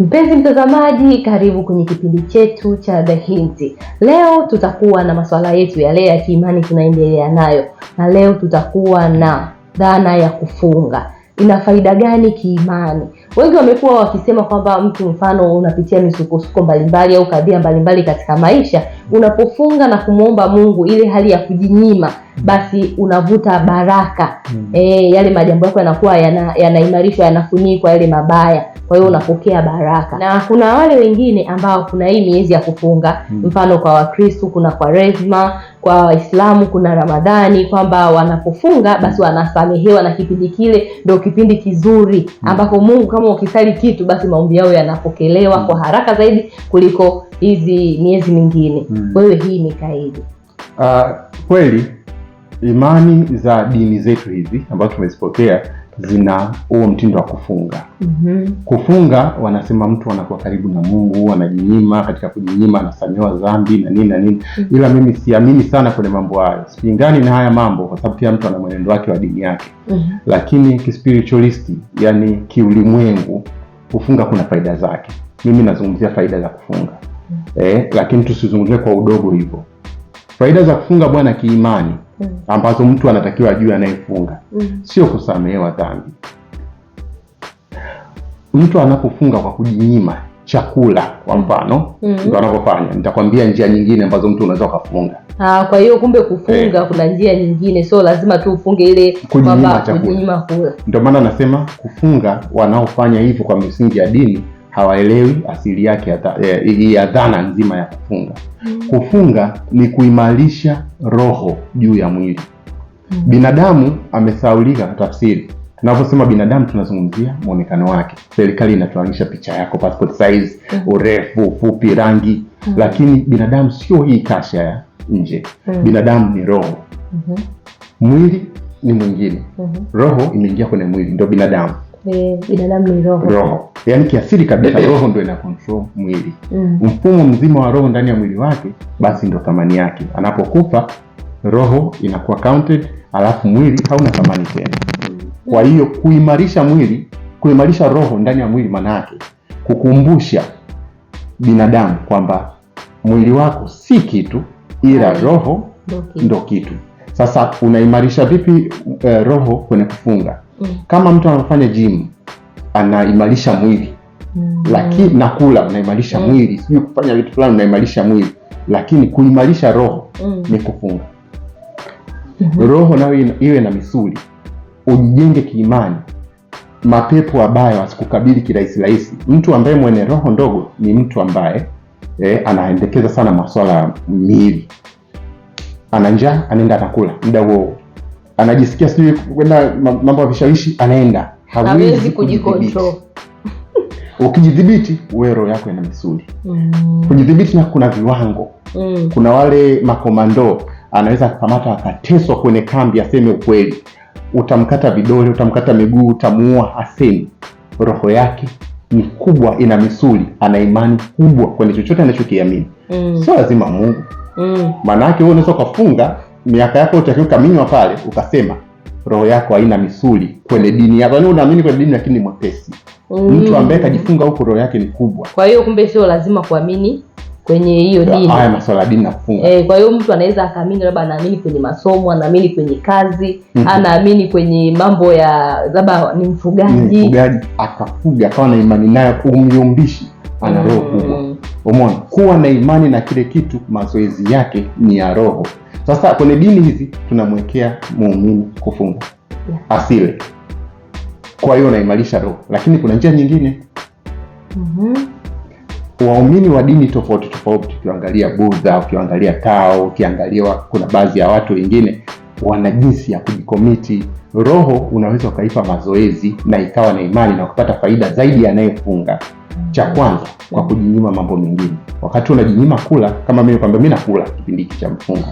Mpenzi mtazamaji, karibu kwenye kipindi chetu cha The Hint. Leo tutakuwa na masuala yetu yale ya kiimani tunaendelea nayo, na leo tutakuwa na dhana ya kufunga ina faida gani kiimani? Wengi wamekuwa wakisema kwamba mtu mfano unapitia misukosuko mbalimbali au kadhia mbalimbali katika maisha, unapofunga na kumwomba Mungu ile hali ya kujinyima, basi unavuta baraka mm. E, yale majambo yako yanakuwa yanaimarishwa, yana yanafunikwa yale mabaya, kwa hiyo unapokea baraka. Na kuna wale wengine ambao kuna hii miezi ya kufunga mm. mfano kwa Wakristo kuna Kwaresma, kwa Waislamu kuna Ramadhani, kwamba wanapofunga basi wanasamehewa na kipindi kile ndio kipindi kizuri mm. ambapo Mungu kama ukisali kitu basi maombi yao yanapokelewa mm. kwa haraka zaidi kuliko hizi miezi mingine mm mm. Wewe hii imekaidi ah, kweli? imani za dini zetu hizi ambazo tumezipokea zina huo mtindo wa kufunga mm -hmm. Kufunga wanasema mtu anakuwa karibu na Mungu, anajinyima. Katika kujinyima anasamehewa dhambi na nini na nini mm -hmm. Ila mimi siamini sana kwenye mambo hayo, sipingani na haya mambo, kwa sababu kila mtu ana mwenendo wake wa dini yake mm -hmm. Lakini kispiritualisti, yani kiulimwengu, kufunga kuna faida zake. Mimi nazungumzia faida za kufunga eh, lakini tusizungumzie kwa udogo hivyo. Faida za kufunga bwana kiimani mm. ambazo mtu anatakiwa ajue anayefunga mm. sio kusamehewa dhambi. Mtu anapofunga kwa kujinyima chakula kwa mm. mfano mm -hmm. anapofanya. Nitakwambia njia nyingine ambazo mtu unaweza ukafunga. Ah, kwa hiyo kumbe kufunga eh, kuna njia nyingine, so lazima tu ufunge ile kujinyima chakula. Ndio maana nasema kufunga, wanaofanya hivyo kwa misingi ya dini hawaelewi asili yake ya dhana nzima ya kufunga. Mm. Kufunga ni kuimarisha roho juu ya mwili. Mm. Binadamu amesaulika kwa tafsiri. Tunaposema binadamu tunazungumzia muonekano wake. Serikali inatuanisha picha yako, passport size, mm. urefu, ufupi, rangi. Mm. Lakini binadamu sio hii kasha ya nje. Mm. Binadamu ni roho. Mm -hmm. Mwili ni mwingine. Mm -hmm. Roho imeingia kwenye mwili ndio binadamu binadamu ni roho. Roho yaani kiasili kabisa roho ndo ina control mwili mm. mfumo mzima wa roho ndani ya mwili wake, basi ndo thamani yake. Anapokufa roho inakuwa counted, alafu mwili hauna thamani tena. Kwa hiyo kuimarisha mwili, kuimarisha roho ndani ya mwili, maana yake kukumbusha binadamu kwamba mwili wako si kitu, ila mm. roho ndo kitu. Sasa unaimarisha vipi uh, roho kwenye kufunga? Mm. Kama mtu anafanya gym anaimarisha mwili mm. Lakini na kula unaimarisha mm. mwili, sijui kufanya vitu fulani unaimarisha mwili, lakini kuimarisha roho mm. ni kufunga mm -hmm. Roho nayo iwe na misuli, ujijenge kiimani, mapepo ambayo asikukabili kirahisi rahisi. Mtu ambaye mwenye roho ndogo ni mtu ambaye eh, anaendekeza sana masuala ya miili ana njaa anaenda anakula muda huo anajisikia sijui kwenda mambo ya vishawishi, anaenda, hawezi kujikontrol. Ukijidhibiti wewe roho yako ina misuli mm. Kujidhibiti na kuna viwango mm. Kuna wale makomando anaweza akakamata akateswa kwenye kambi aseme ukweli, utamkata vidole, utamkata miguu, utamuua, aseme Roho yake ni kubwa, ina misuli, ana imani kubwa kwenye chochote anachokiamini mm. Sio lazima Mungu mm. Maana yake wewe unaweza ukafunga miaka yako utakiwa ukaminywa pale, ukasema roho yako haina misuli kwenye dini yako, yaani unaamini kwenye dini lakini ni mwepesi mm. Mtu ambaye kajifunga huku roho yake ni kubwa. Kwa hiyo kumbe sio lazima kuamini kwenye hiyo dini. Haya masuala ya dini na kufunga. Eh, kwa hiyo mtu anaweza akaamini, labda anaamini kwenye masomo, anaamini kwenye kazi mm -hmm. anaamini kwenye mambo ya labda ni mfugaji, mm, mfugaji akafuga akawa na imani nayo, umyumbishi ana roho kubwa. Mm. Umeona, kuwa na imani na kile kitu, mazoezi yake ni ya roho. Sasa kwenye dini hizi tunamwekea muumini kufunga asile, kwa hiyo unaimarisha roho, lakini kuna njia nyingine mm -hmm. waumini wa dini tofauti tofauti, ukiangalia Budha, ukiangalia Tao, ukiangalia kuna baadhi ya watu wengine wana jinsi ya kujikomiti. Roho unaweza ukaipa mazoezi na ikawa na imani na kupata faida zaidi anayefunga. Cha kwanza kwa kujinyima mambo mengine. Wakati unajinyima kula, kama mimi kwamba mimi nakula kipindi hiki cha mfungo,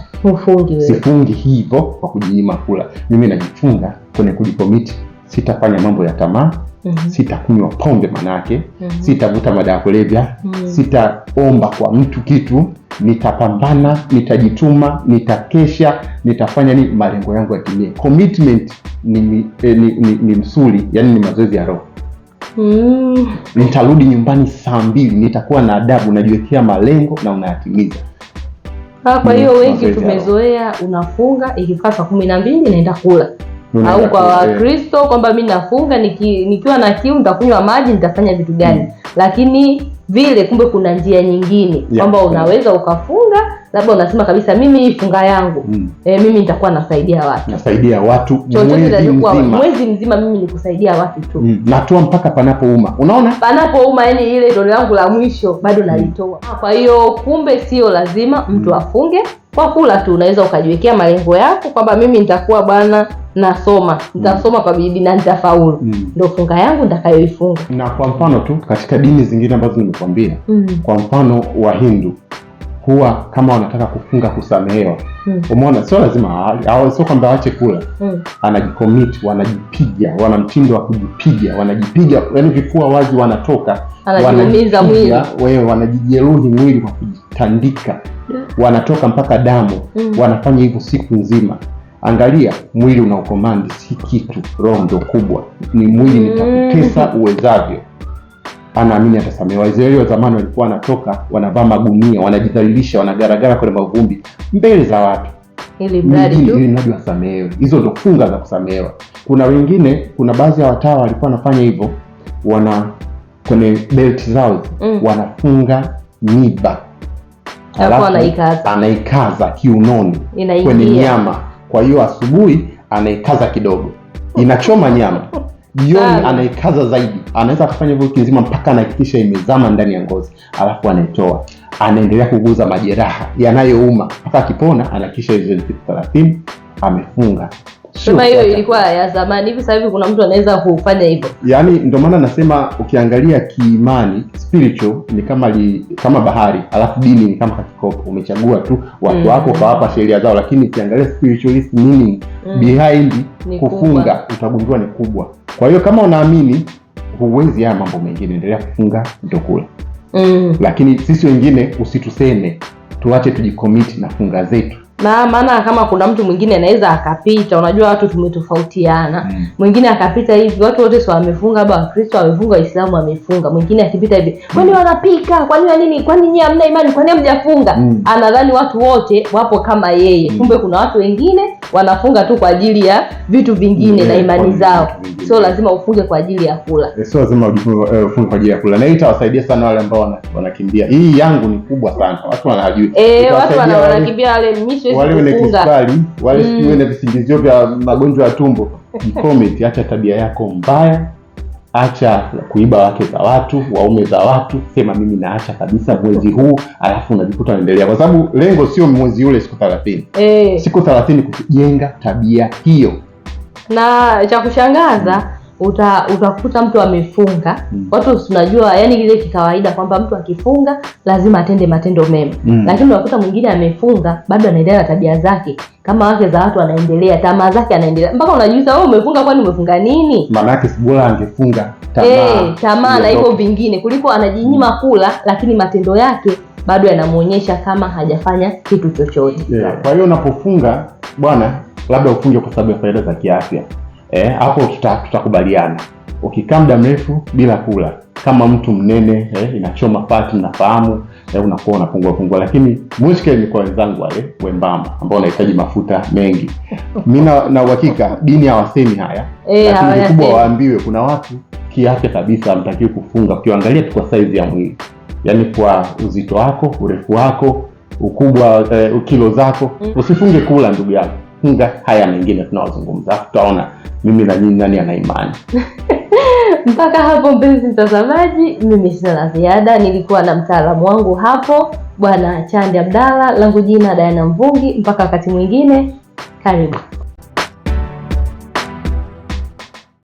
sifungi hivyo kwa kujinyima kula, mimi najifunga kwenye kujikomiti, sitafanya mambo ya tamaa Mm -hmm. Sitakunywa pombe manake, mm -hmm. Sitavuta madawa ya kulevya, mm -hmm. Sitaomba kwa mtu kitu nitapambana, nitajituma, nitakesha, nitafanya nini, malengo yangu yatimie. Commitment ni, ni, eh, ni, ni, ni msuli, yani ni mazoezi ya roho. Mm. Nitarudi nyumbani saa mbili, nitakuwa na adabu, najiwekea malengo na unayatimiza. Ah, kwa hiyo wengi tumezoea unafunga ikifika saa kumi na mbili naenda kula au kwa Wakristo kwamba mi nafunga niki, nikiwa na kiu nitakunywa maji nitafanya vitu gani? mm. Lakini vile kumbe kuna njia nyingine kwamba yeah. unaweza ukafunga labda unasema kabisa mimi hii funga yangu mm. e, mimi nitakuwa nasaidia watu nasaidia watu mwezi mzima. mwezi mzima mimi nikusaidia watu tu mm. natoa mpaka panapouma, unaona panapouma, yani ile toleo langu la mwisho bado mm. nalitoa mm. kwa hiyo kumbe sio lazima mtu mm. afunge kwa kula tu unaweza ukajiwekea malengo yako kwamba mimi nitakuwa bwana nasoma nitasoma mm. kwa bidii na nitafaulu mm. ndio funga yangu nitakayoifunga. Na kwa mfano tu katika dini zingine ambazo nimekwambia mm. kwa mfano Wahindu huwa kama wanataka kufunga kusamehewa mm. umeona, sio lazima, sio kwamba waache kula mm. anajikomit, wanajipiga, wana mtindo wa kujipiga, wanajipiga yani vifua wazi, wanatoka wanajiumiza mwili, wewe wanajijeruhi mwili kwa kujitandika wanatoka mpaka damu mm. Wanafanya hivyo siku nzima. Angalia, mwili ukomandi si kitu. Roho ndo kubwa, ni mwili mm. uwezavyo. Anaamini atasamewa Waisraeli wa zamani walikuwa wanatoka wanavaa magunia, wanajidhalilisha, wanagaragara kwenye mavumbi mbele za watu ili mradi wasamehewe. Hizo ndo funga za kusamehewa. Kuna wengine, kuna baadhi ya watawa walikuwa wanafanya hivyo, wana kwenye belt zao mm. wanafunga miba anaikaza kiunoni kwenye nyama. Kwa hiyo asubuhi anaikaza kidogo, inachoma nyama jioni anaikaza zaidi, anaweza akafanya hivyo wiki nzima mpaka anahakikisha imezama ndani ya ngozi, alafu anaitoa. Anaendelea kuguza majeraha yanayouma mpaka akipona, anahakikisha hizo siku thelathini amefunga. Sema hiyo ilikuwa ya zamani, hivi sasa hivi kuna mtu anaweza kufanya hivyo. Yaani ndio maana nasema ukiangalia kiimani, spiritual ni kama li, kama bahari, alafu dini ni kama kakikopo. Umechagua tu watu mm. wako ukawapa sheria zao, lakini ukiangalia spiritualist meaning mm. behind ni kufunga kubwa. Utagundua ni kubwa. Kwa hiyo kama unaamini huwezi haya mambo mengine, endelea kufunga kutokula mm. Lakini sisi wengine usituseme, tuache tujikomiti na funga zetu maana kama kuna mtu mwingine anaweza akapita, unajua watu tumetofautiana, mm. mwingine mm. akapita hivi, watu wote si wamefunga, baba Wakristo wamefunga, Waislamu wamefunga, mwingine akipita hivi, kwani wanapika, kwani ya nini, kwani nyie hamna imani, kwani hamjafunga? mm. anadhani watu wote wapo kama yeye, mm. kumbe mm. kuna watu wengine wanafunga tu kwa ajili ya vitu vingine na eh, imani zao, sio lazima ufunge kwa ajili ya kula, eh, sio lazima eh, ufunge kwa ajili ya kula. Na hii itawasaidia sana wale ambao wanakimbia. Hii yangu ni kubwa sana, watu wanajua eh, watu wanakimbia wale mimi, wale wenye kisukari, wale mm. wenye visingizio vya magonjwa ya tumbo. Acha tabia yako mbaya acha kuiba wake za watu, waume za watu, sema mimi naacha kabisa mwezi huu, alafu unajikuta unaendelea, kwa sababu lengo sio mwezi ule, siku thelathini e, siku thelathini kujenga tabia hiyo, na cha kushangaza uta, utakuta mtu amefunga mm. Watu tunajua yani ile kikawaida kwamba mtu akifunga lazima atende matendo mema mm. Lakini unakuta mwingine amefunga bado anaendelea na tabia zake kama wake za watu, anaendelea tamaa zake, anaendelea mpaka unajiuliza wewe, umefunga kwani umefunga nini? Maana yake si bora angefunga tamaa eh, tamaa na hivyo vingine kuliko anajinyima mm. kula, lakini matendo yake bado yanamuonyesha kama hajafanya kitu chochote yeah. Kwa hiyo unapofunga bwana, labda ufunge kwa sababu ya faida za kiafya Eh, hapo tutakubaliana tutakubaliana. Ukikaa muda mrefu bila kula kama mtu mnene eh, inachoma fati, mnafahamu eh, unakuwa unapungua pungua, lakini mushkeli ni kwa wenzangu wale wembamba ambao wanahitaji mafuta mengi. Mi na uhakika dini hawasemi haya eh, lakini kikubwa waambiwe, kuna watu kiafya kabisa hamtakiwi kufunga, ukiangalia tu kwa saizi ya mwili, yaani kwa uzito wako, urefu wako, ukubwa eh, kilo zako, mm. usifunge kula ndugu yako, funga haya mengine tunawazungumza, tutaona mimi na nyinyi nani ana imani? Mpaka hapo mpenzi mtazamaji, mimi sina la ziada. Nilikuwa na mtaalamu wangu hapo Bwana Chande Abdalla, langu jina Diana Mvungi. Mpaka wakati mwingine, karibu.